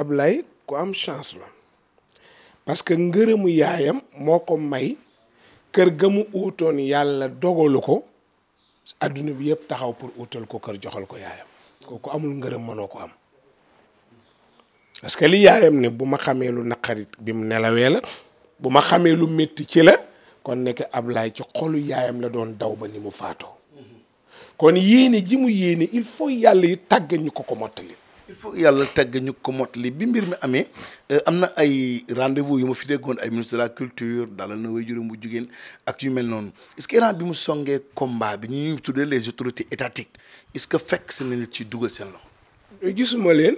Ablaye ku am chance la parce que ngërëmu yaayam moo ko may kër ga mu uutoon yàlla dogalu ko adduna bi yëpp taxaw pour uutal ko kër joxal ko yaayam kooku amul ngërëm mënoo ko am parce que li yaayam ne bu ma xamee lu naqarit bi mu nelawee la bu ma xamee lu métti ci la kon ab lay ci xolu yaayam la doon daw ba ni mu faatoo kon yéene ji mu yéene il faut yàlla yi tàggat ñu ko ko mottali il faut yàlla tagg ñu ko mot li bi mbir mi amee euh, am ay rendez-vous yu ma fi déggoon ay ministre de la culture dal na way juróom bu jigéen ak yu mel non est-ce que Iran bi mu songee combat bi ñu tuddé les autorités étatiques est-ce que fek se nañ ci dugal seen loxo gisuma len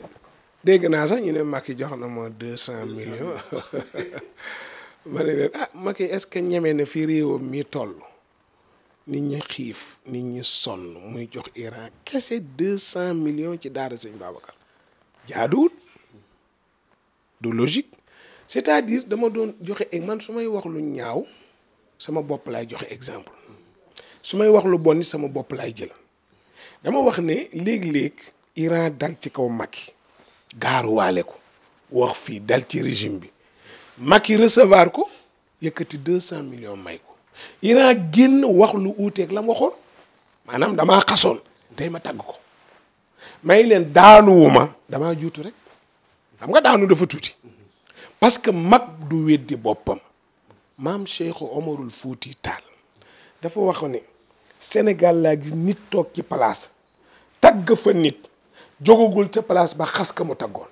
dégg na sax ñu né Macky jox na mo 200 millions ma ne ah Macky est-ce que ñemee na fi réewam mi tollu nit ñi xiif nit ñi sonn muy jox Iran kese deux cent millions ci daara sëñ Babacar jaaduwut du logique c'est-à-dire dama doon joxe e- man su may wax lu ñaaw sama bopp laay joxe exemple su may wax lu bon ni sama bopp laay jël dama wax ne léeg-léeg Iran dal ci kaw Macky gaaruwaale ko wax fii dal ci régime bi Macky recevoir ko yëkkati deux cent millions may ko Iran génn wax lu uuteeg la mu waxoon maanaam damaa xasoon tey ma tàgg ko may leen daanuwuma damaa juutu rek xam nga daanu dafa tuuti parce que mag du weddi boppam maam Cheikh Omarul Fuuti Taal dafa wax ni Sénégal laa gis nit toog ci place tagg fa nit jógagul ca palaas ba xas ka mu taggoon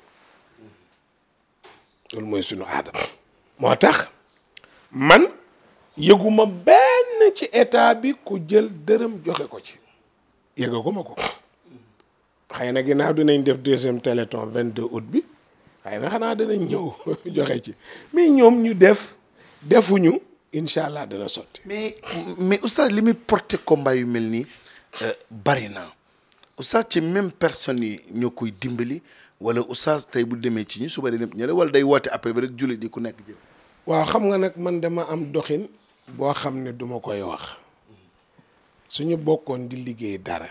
loolu mooy sunu aada moo tax man yëguma benn ci état bi ko jël dërëm joxe ko ci yëgaguma ko xëy na ginnaaw dinañ def deuxième téléthon 22 août bi xay na xanaa danañ ñëw joxe ci mais ñoom ñu def defuñu incha allah dana sotti. mais mais oustaz li muy porté combat yu mel nii euh, bari na oustaz ci même personne yi ñoo koy dimbali wala oustaz tey bu demee ci ñu suba dem ñële wala day woote après ba rek jullit di ku nekk jël. waaw xam nga nag man dama am doxin. boo xam ne duma koy wax suñu bokkoon di liggéey dara.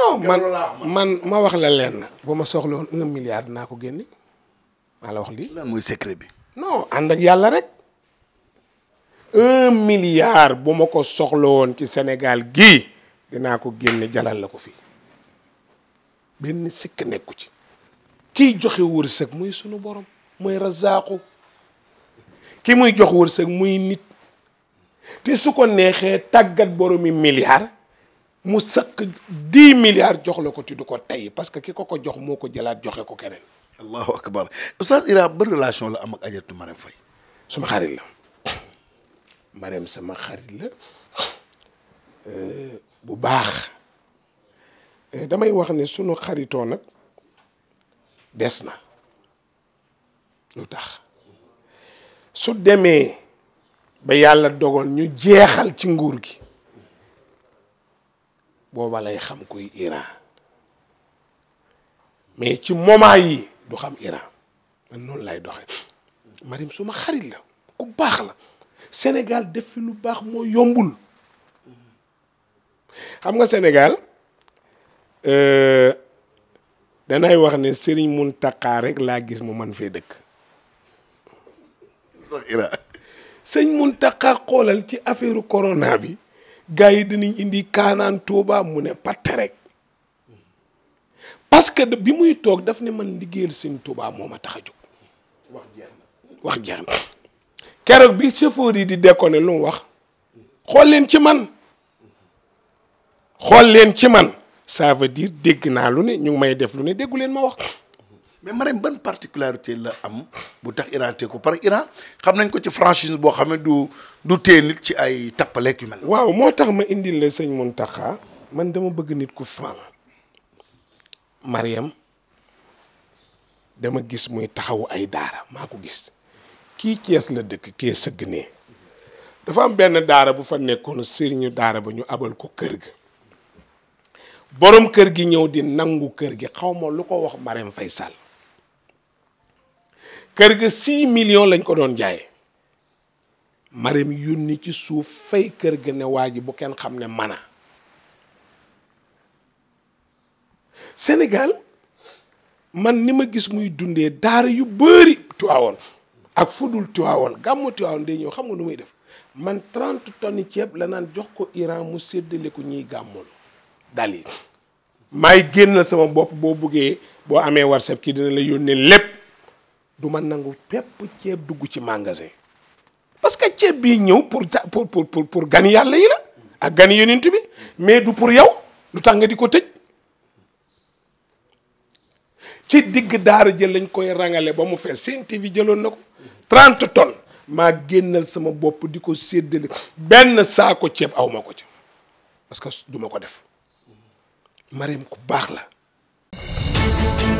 non man man ma wax la leen bu ma soxla woon un milliard naa ko génne maa la wax lii. lan mooy bi. non ànd yàlla rek un milliard bu ma ko soxla woon ci Sénégal gii dinaa ko génne jalal la ko fii benn sikk nekku ci kiy joxe wërsëg muy sunu borom mooy razaaku ki muy jox wërsëg muy nit te su ko neexee tàggat boromi milliard mu sëq dix milliards jox la ko ti du ko tey parce que ki ko ko jox moo ko jëlaat joxe ko keneen. allahu akbar Oustaz Ira ba relation la am ak Adjaratou Marème Faye. suma xarit la Marème sama xarit la euh, bu baax euh, damay wax ne sunu xaritoo nag des na lu tax su demee ba yàlla dogoon ñu jeexal ci nguur gi. booba lay xam kuy Iran mais ci moment yi du xam Iran man noonu lay doxe Marim suma xarit la ku baax la Sénégal def fi lu baax moo yombul xam nga Sénégal euh, danay wax ne Serigne Mountakha rek laa gis mu man fee dëkk sax Iran sëñ Mountakha xoolal ci affaire corona bi gars yi dinañ indi kaanaan Touba mu ne patt rek parce que bi muy toog daf ne man liggéeyal sëñ Touba moo ma tax a jóg wax jeex na wax keroog bi chauffeur yi di déconné lu mu wax xool leen ci man xool leen ci man ça veut dégg naa lu ne ñu ngi may def lu ne déggu leen ma wax mais Marème ban particularité la am bu tax Iran tee ko par Iran xam nañ ko ci franchise boo xam ne du du tee nit ci ay tappaleek yu mel. waaw moo tax ma indil la sëñ Mountakha man dama bëgg nit ku franc Marème dama gis muy taxawu ay daara maa ko gis kii Cees la dëkk kee sëgg nee dafa am benn daara bu fa nekkoon sëriñu daara ba ñu abal ko kër gi borom kër gi ñëw di nangu kër gi xaw ma lu ko wax Marème fay Sall kër ga 6 lañ ko doon jaayee Marème yónni ci suuf fay kër ga ne waa ji bu kenn xam ne mana senegal man ni ma gis muy dundee daara yu bëri tuwaawoon ak fudul tuwaawoon gàmmu tuwaawoon day ñëw xam nga lu muy def man 30 tonnes ceeb la naan jox ko Iran mu seddale ko ñuy gàmmulu dal yi maay sama bopp boo buggee boo amee WhatsApp kii dina la yónnee lépp du ma nangu pepp ceeb dugg ci magasin parce que ceeb bii ñëw pour pour pour pour gan yàlla yi la ak gan yonent bi mais du pour yow lu tax nga di ko tëj ci digg daara jël lañ koy rangale ba mu fees seen TV jëloon na ko trent tonnes maa génnal sama bopp di ko sedd séddale benn saako ceeb awma ko ca parce que duma ko def Mariam ku baax la.